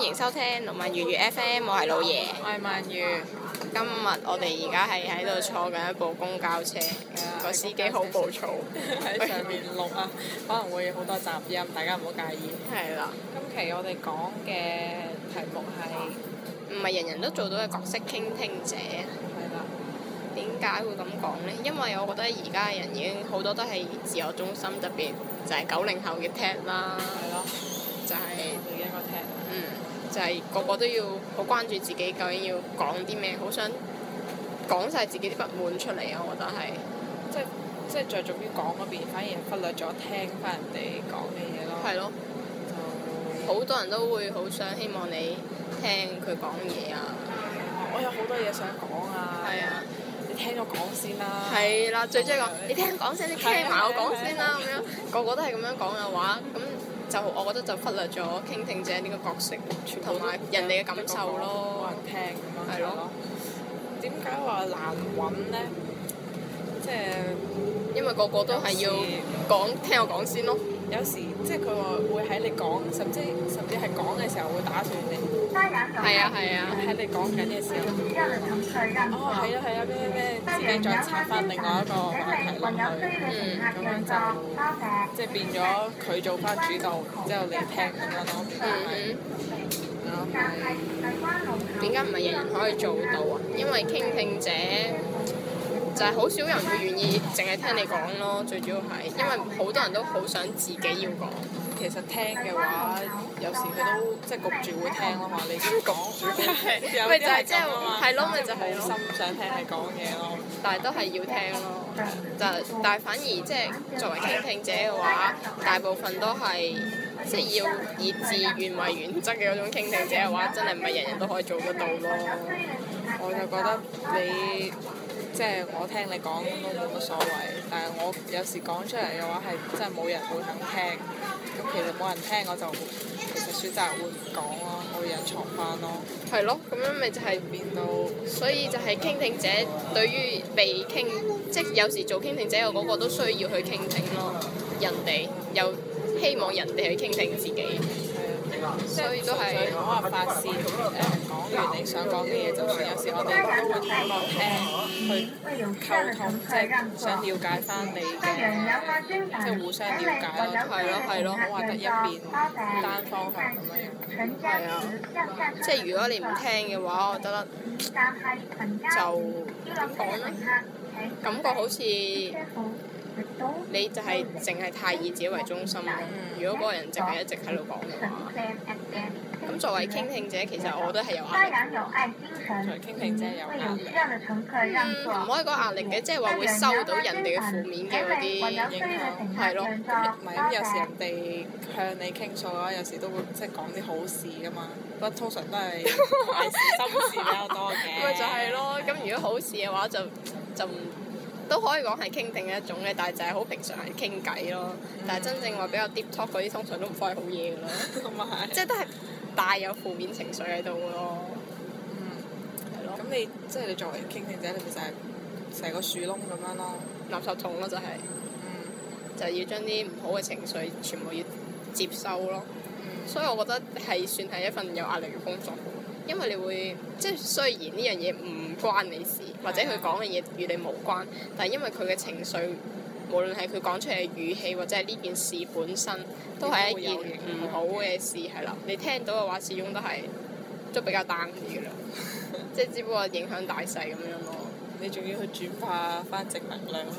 歡迎收聽《龍曼粵語 FM》，我係老爺，我係曼如。今日我哋而家係喺度坐緊一部公交車，個司機好暴躁，喺上面錄啊，可能會好多雜音，大家唔好介意。係啦。今期我哋講嘅題目係唔係人人都做到嘅角色傾聽者？係啦。點解會咁講呢？因為我覺得而家嘅人已經好多都係自我中心，特別就係九零後嘅聽啦，係啦，就係。但係個個都要好關注自己，究竟要講啲咩？好想講晒自己啲不滿出嚟啊！我覺得係，即係即係着重於講嗰邊，反而忽略咗聽翻人哋講嘅嘢咯。係咯，好多人都會好想希望你聽佢講嘢啊！我有好多嘢想講啊！係啊，你聽咗講先，先，先啦！係啦，最中意講你聽講先，你聽埋我講先啦！咁樣個個都係咁樣講嘅話，咁。就我覺得就忽略咗傾聽者呢個角色，同埋人哋嘅感受咯。聽咁樣。係咯。點解話難揾咧？即係因為個個都係要講，聽我講先咯。有時即係佢話會喺你講，甚至甚至係講嘅時候會打斷你。係啊係啊，喺、啊、你講緊嘅時候，嗯、哦係啊係啊咩咩咩，之後、啊啊、再插翻另外一個話題落去嗯，嗯，咁樣就即係變咗佢做翻主導，之後你聽咁樣咯，係咪、嗯？係咯是，點解唔係人人可以做到啊？因為傾聽者、嗯。但係好少人會願意淨係聽你講咯，最主要係因為好多人都好想自己要講。其實聽嘅話，有時佢都即係焗住會聽咯，嚇你講。咪 就係即係，係、就係、咯，咪就係心想聽你講嘢咯，但係都係要聽咯。 就但係反而即、就、係、係、作為傾聽者嘅話，大部分都係即係要以自願為原則嘅嗰種傾聽者嘅話，真係唔係人人都可以做得到咯。我就覺得你。即係我聽你講都冇乜所謂，但係我有時講出嚟嘅話係真係冇人會肯聽，咁其實冇人聽我就其實選擇會講咯，我會隱藏翻咯。係咯，咁樣咪就係變到，所以就係傾聽者對於被傾，即係有時做傾聽者，我嗰個都需要去傾聽咯，人哋又希望人哋去傾聽自己。所以都係講話發泄，誒講完你想講嘅嘢，就算有時我哋都會落聽去溝通，即係想了解翻你嘅，即係互相了解咯。係咯，係咯，好話得一邊、嗯、單方向咁樣。係啊，即係如果你唔聽嘅話，我覺得就講啦，感覺好似。你就係淨係太以自己為中心、嗯、如果嗰個人淨係一直喺度講嘅話，咁、嗯、作為傾聽者，其實我都係有壓力。嗯、作為傾聽者有壓力。唔可以講壓力嘅，即係話會收到人哋嘅負面嘅嗰啲影響，係咯。唔係咁，有時人哋向你傾訴嘅話，有時都會即係講啲好事㗎嘛。不過通常都係係心事比較多嘅。咪 就係、是、咯，咁咯如果好事嘅話就，就就唔。都可以講係傾聽一種咧，但係就係好平常係傾偈咯。但係真正話比較 deep talk 嗰啲，通常都唔開好嘢嘅咯。同埋 即係都係帶有負面情緒喺度咯。嗯。係咯。咁你即係、就是、你作為傾聽者，你咪就係成個樹窿咁樣咯，垃圾桶咯就係。嗯。就是、要將啲唔好嘅情緒全部要接收咯。所以我覺得係算係一份有壓力嘅工作。因為你會即係雖然呢樣嘢唔關你事，對對對或者佢講嘅嘢與你無關，但係因為佢嘅情緒，無論係佢講出嚟嘅語氣或者係呢件事本身，都係一件唔好嘅事，係啦對。你聽到嘅話，始終都係都比較 down 嘅啦。即係 只不過影響大細咁樣咯。你仲要去轉化翻正能量去，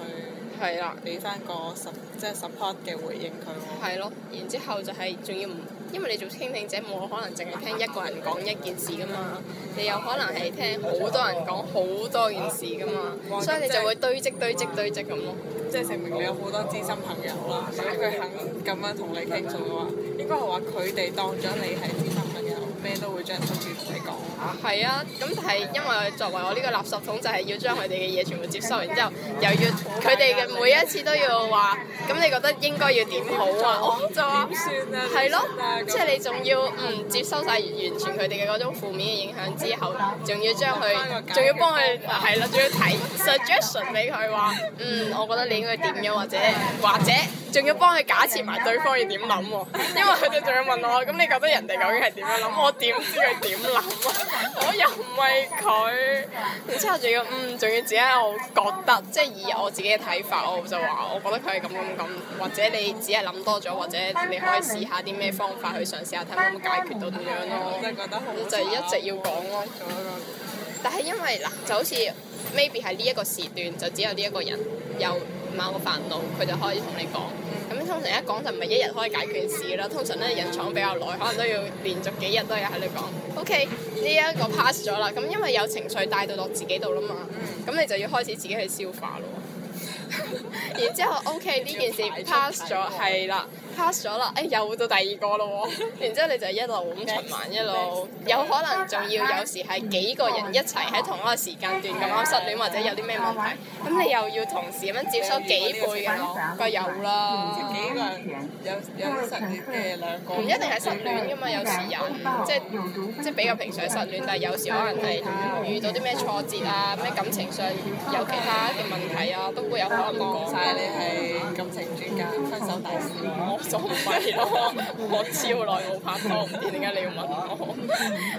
係啦了，俾翻個十即係 support 嘅回應佢。係咯，然之後就係仲要唔？因為你做傾聽者，冇可能淨係聽一個人講一件事噶嘛，你有可能係聽好多人講好多件事噶嘛，所以你就會哇堆積堆積堆積咁咯。中文即係證明你有好多知心朋友啦。如果佢肯咁樣同你傾訴嘅話，應該係話佢哋當咗你係知心朋友，咩都會將心事同你講。係啊，咁但係因為作為我呢個垃圾桶，就係、是、要將佢哋嘅嘢全部接收，然之後又要佢哋嘅每一次都要話，咁你覺得應該要點好啊？我仲點算啊？係咯，即係、啊、你仲要嗯接收晒完，完全佢哋嘅嗰種負面嘅影響之後，仲要將佢，仲要幫佢係的、啊、啦，仲要提。 suggestion 俾佢話，嗯，我覺得你應該點樣，或者或者，仲要幫佢假設埋對方要點諗喎，因為佢哋仲要問我，咁你覺得人哋究竟係點樣諗？我點知佢點諗啊？ 我又唔係佢，然之後仲要，嗯，仲要自己又覺得，即係以我自己嘅睇法，我就話，我覺得佢係咁咁咁，或者你只係諗多咗，或者你可以試下啲咩方法去嘗試下睇可唔可以解決到咁樣咯，我啊、就一直要講咯、啊。但係因為嗱，就好似 maybe 係呢一個時段，就只有呢一個人有某個煩惱，佢就可以同你講。通常一講就唔係一日可以解決事啦，通常咧，人闖比較耐，可能都要連續幾日都係喺度講。OK，呢一個 pass 咗啦，咁因為有情緒帶到落自己度啦嘛，咁你就要開始自己去消化咯。 然之後 OK 呢件事 pass 咗，係啦，pass 咗啦，誒又到第二個咯喎，然之後你就一路咁循環，一路有可能仲要有時係幾個人一齊喺同一個時間段咁啱失戀或者有啲咩問題，咁你又要同時咁接收幾倍嘅我，個有啦，幾個人有有失戀嘅兩個，唔一定係失戀噶嘛，有時有，即係即係比較平常失戀，但係有時可能係遇到啲咩挫折啊，咩感情上有其他嘅問題啊，都會有可能忘曬。你係感情專家，分手大事，啊，我做唔翻嚟咯。我超耐冇拍拖，唔知點解你要問我？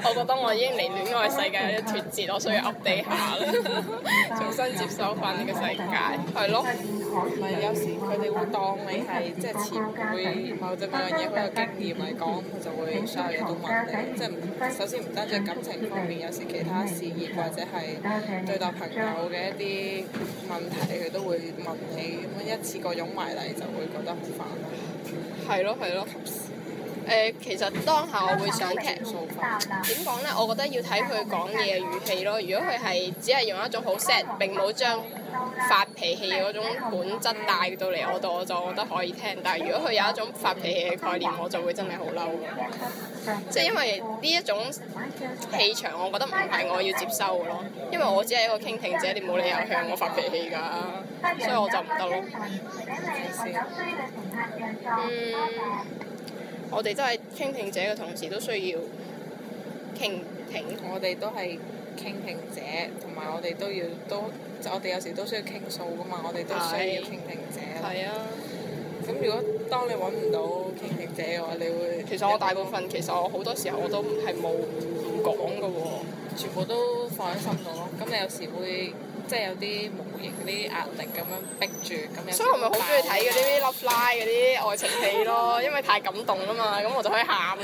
我覺得我已經離戀愛世界脱節，我需要 update 下啦， 重新接受返呢個世界。係、嗯、咯，咪有時佢哋會當你係即係前輩，會某隻某樣嘢好有經驗嚟講，佢就會所有嘢都問你。即、就、係、是、首先唔單止感情方面，有時其他事業或者係對待朋友嘅一啲問題，佢都會問你。原本一次過湧埋嚟就會覺得好煩啦、啊。係咯，係咯。誒、呃，其實當下我會想聽。點講呢？我覺得要睇佢講嘢嘅語氣咯。如果佢係只係用一種好 sad，並冇將發脾氣嗰種本質帶到嚟我度，我就覺得可以聽。但係如果佢有一種發脾氣嘅概念，我就會真係好嬲。即係因為呢一種氣場，我覺得唔係我要接收嘅咯。因為我只係一個傾聽者，你冇理由向我發脾氣㗎，所以我就唔得咯。嗯。我哋都係傾聽者嘅同時，都需要傾聽。我哋都係傾聽者，同埋我哋都要都，我哋有時都需要傾訴噶嘛。我哋都需要傾聽者。係啊的。咁如果當你揾唔到傾聽者嘅話，你會其實我大部分其實我好多時候我都唔係冇講噶喎，全部都放喺心度咯。咁你有時會？即係有啲無形啲壓力咁樣逼住，咁樣所以我咪好中意睇嗰啲 Love Line 嗰啲愛情戲咯， 因為太感動啦嘛，咁我就可以喊啊嘛，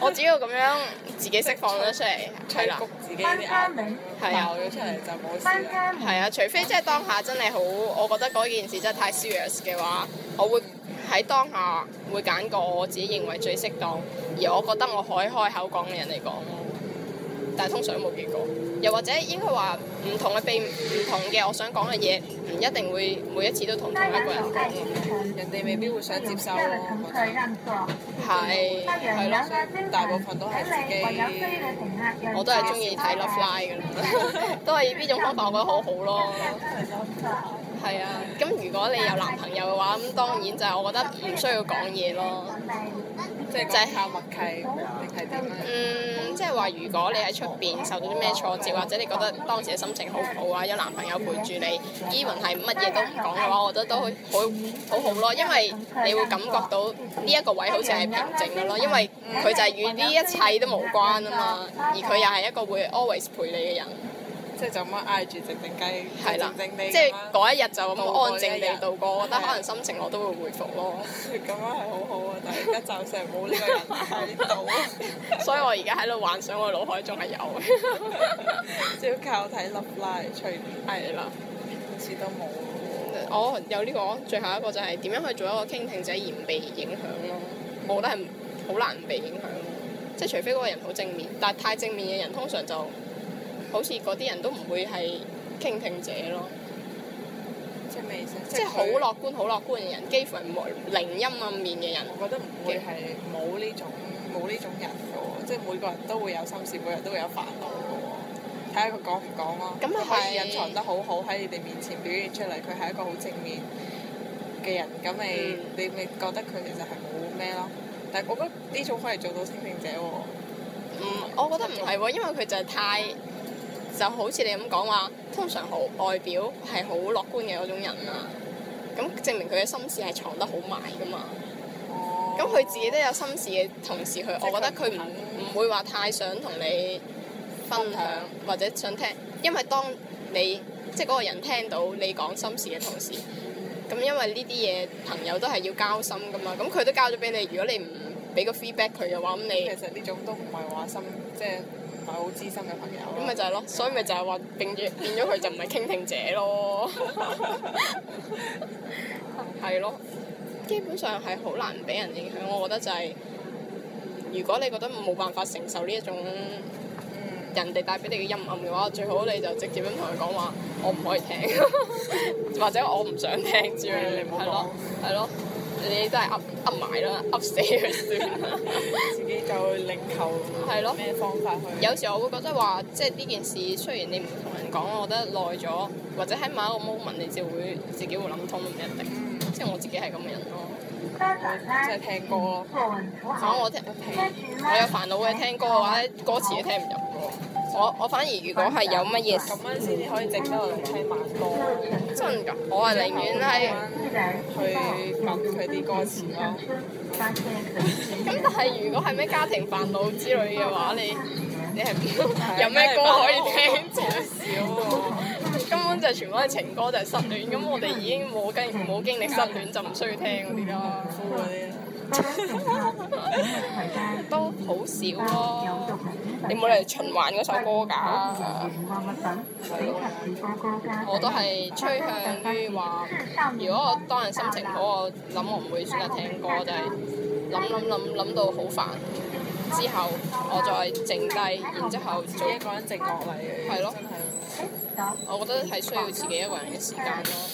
我只要咁樣自己釋放咗出嚟，屈、 啊、自己啲眼，係啊、嗯，出嚟就冇事。係、嗯、啊，除非即係當下真係好，我覺得嗰件事真係太 serious 嘅話，我會喺當下會揀個我自己認為最適當，而我覺得我可以開口講嘅人嚟講。但係通常冇幾個，又或者應該話唔同嘅畀唔同嘅，我想講嘅嘢唔一定會每一次都同同一個人講。人哋未必會想接受咯。係，係咯，所以大部分都係自己，嗯、我都係中意睇 Love Line 嘅啦， 都係呢種方法，我覺得好好咯。係 啊，咁如果你有男朋友嘅話，咁當然就係我覺得唔需要講嘢咯。即係靠默契，定係點咧？嗯，即係話如果你喺出面受到啲咩挫折，或者你覺得當時嘅心情好唔好啊，有男朋友陪住你，even 係乜嘢都唔講嘅話，我覺得都好好好咯，因為你會感覺到呢一個位好似係平靜嘅咯，因為佢就係與呢一切都無關啊嘛，而佢又係一個會 always 陪你嘅人。即係就咁樣挨住靜靜雞，靜靜即係嗰一日就咁安靜地度過，我覺得可能心情我都會回復咯。咁樣係好好啊！ 但係而家就成冇呢個人喺度，啊， 所以我而家喺度幻想，我腦海仲係有。 只要靠睇 line 隨係啦，邊 了次都冇。我有呢、呢個，最後一個就係、係、點樣去做一個傾聽者，而唔被影響咯。嗯、我覺得係好難被影響，即係除非嗰個人好正面，但係太正面嘅人通常就。好似嗰啲人都唔會係傾聽者咯，即係咩意思？即係好樂觀、好他 樂觀嘅人，幾乎係冇零陰暗面嘅人。我覺得唔會係冇呢種冇呢、嗯、種人嘅，即係每個人都會有心事，每日都會有煩惱嘅喎。睇下佢講唔講咯，可以是隱藏得好好喺你哋面前表現出嚟，佢係一個好正面嘅人，咁咪你咪、嗯、覺得佢其實係冇咩咯？但係我覺得呢種可以做到傾聽者喎。唔、嗯嗯，我覺得唔係喎，因為佢就係太。就好似你咁講話，通常好外表係好樂觀嘅嗰種人啊，咁證明佢嘅心事係藏得好埋噶嘛。咁佢、oh. 自己都有心事嘅同時，佢即係我覺得佢唔唔會話太想同你分享，分享或者想聽，因為當你即係嗰個人聽到你講心事嘅同時，咁因為呢啲嘢朋友都係要交心噶嘛，咁佢都交咗俾你，如果你唔俾個 feedback 佢嘅話，咁你其實呢種都唔係話心即係。就是唔係好資深嘅朋友，咁咪就係咯，所以咪就係話變咗變咗佢就唔係傾聽者咯，係 咯， 基本上係好難俾人影響，我覺得就係、係、如果你覺得冇辦法承受呢一種人哋帶俾你嘅陰暗嘅話，最好你就直接咁同佢講話，我唔可以聽， 或者我唔想聽住類，係咯、嗯，係咯了。你都係噏埋啦，噏死佢算啦。自己就另求咩對咯 方法去。有時我會覺得話，即係呢件事雖然你唔同人講，我覺得耐咗，或者喺某一個 moment 你就會自己會諗通，唔一定。即係我自己係咁嘅人咯，即係聽歌。反正，嗯，啊，我聽，我有煩惱嘅聽歌嘅話咧，歌詞都聽唔入我我反而如果係有乜嘢咁樣先至可以值得我哋聽慢歌，真㗎！我係寧願係去揼佢啲歌詞咯。咁但係如果係咩家庭煩惱之類嘅話， 你你係 有咩歌可以聽？ 根本就係全部都係情歌，就係、係、失戀。咁 我哋已經冇經冇經歷失戀， 就唔需要聽嗰啲啦， 都好少咯，你冇嚟循環嗰首歌㗎。是咯我都係趨向於話，如果我當人心情好，我諗我唔會選擇聽歌，就係諗諗諗諗到好煩，之後我再靜低，然之後做一個人靜落嚟。係咯。我覺得係需要自己一個人嘅時間咯。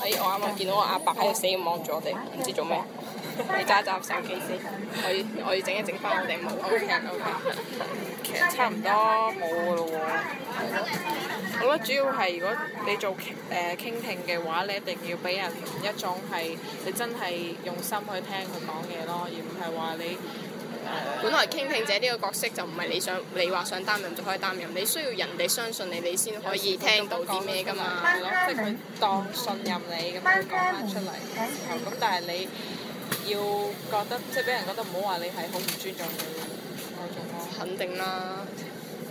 哎、欸，我啱啱見到我阿伯喺度死望住我哋，唔知做咩。你揸執手機先，我要弄弄，我要整一整翻我哋冇嘅人啊嘛，其實差唔多冇嘅咯喎。我覺得主要係如果你做誒、呃、傾聽嘅話，你一定要俾人一種係你真係用心去聽佢講嘢咯，而唔係話你誒。呃、本來傾聽者呢個角色就唔係你想你話想擔任就可以擔任，你需要人哋相信你，你先可以聽到啲咩㗎嘛，係咯，即係佢當信任你咁樣講翻出嚟，咁但係你。要覺得即係俾人覺得唔好話你係好唔尊重佢嗰種、啊、肯定啦。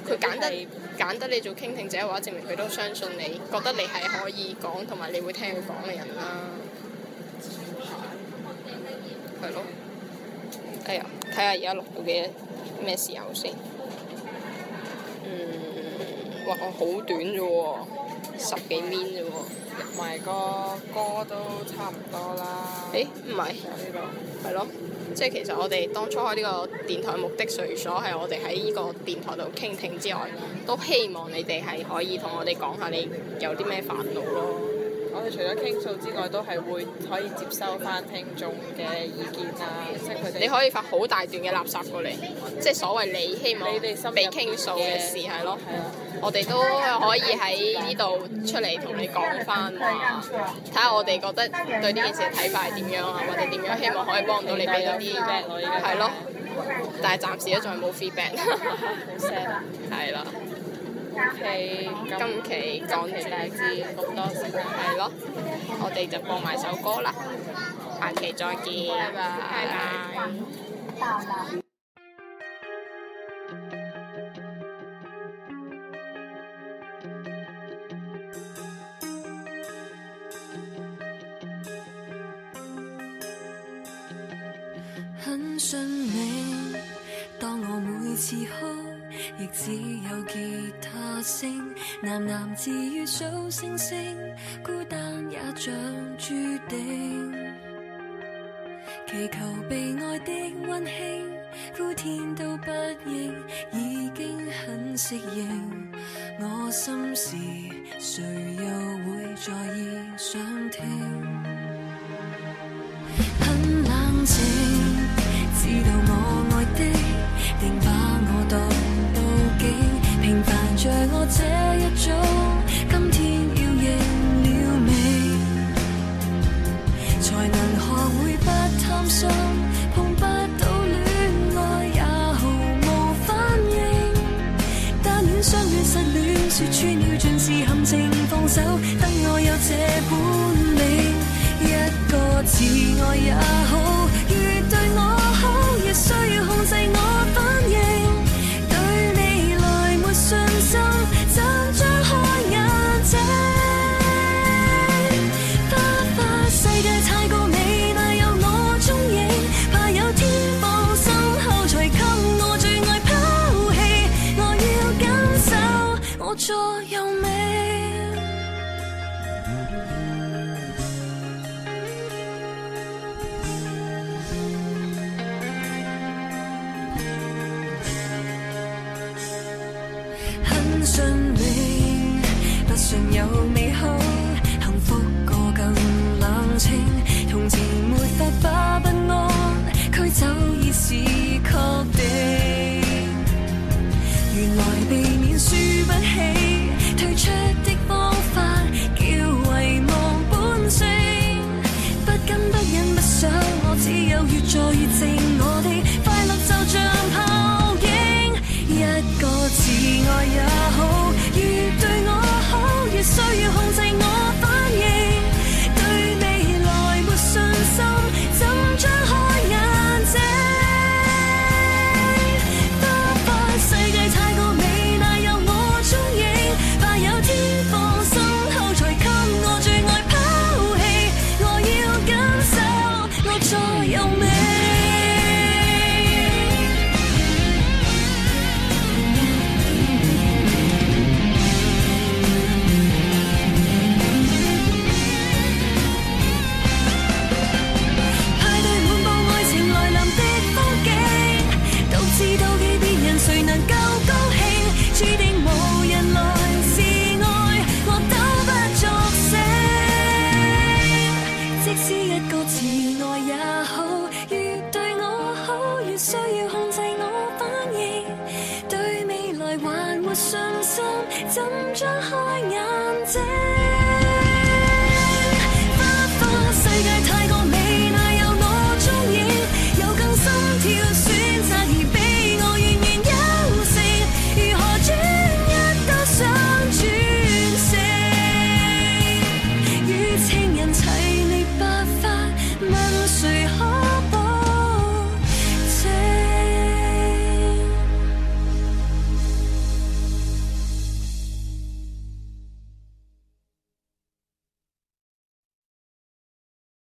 佢揀得揀得你做傾聽者，嘅話證明佢都相信你，覺得你係可以講同埋你會聽佢講嘅人啦、啊。係、嗯嗯、咯。哎呀，睇下而家錄到嘅咩時候先？嗯，哇，我好短咋喎！十幾 min 啫喎，入埋個歌都差唔多啦。誒、欸，唔係，係咯、嗯，即係其實我哋當初開呢個電台目的，除咗係我哋喺呢個電台度傾聽之外，都希望你哋係可以同我哋講下你有啲咩煩惱咯。我哋除咗傾訴之外，都係會可以接收翻聽眾嘅意見啦。你可以發好大段嘅垃圾過嚟，即係所謂你希望你哋被傾訴嘅事，係咯。我哋都可以喺呢度出嚟同你講翻話，睇、啊、下我哋覺得對呢件事嘅睇法係點樣啊，或者點樣，希望可以幫到你俾到啲，咩？係咯。但係暫時都仲係冇 feedback，好 係啦。係今期，今期講嘅大致咁多先啦，係咯，我哋就播埋首歌啦，下期再見，拜拜。拜拜拜拜祈求被愛的溫馨，呼天都不應，已經很適應。我心事，誰又會在意？想聽， 很冷靜，知道我愛的，定把我當佈景，平凡在我這。信心，怎張開眼睛？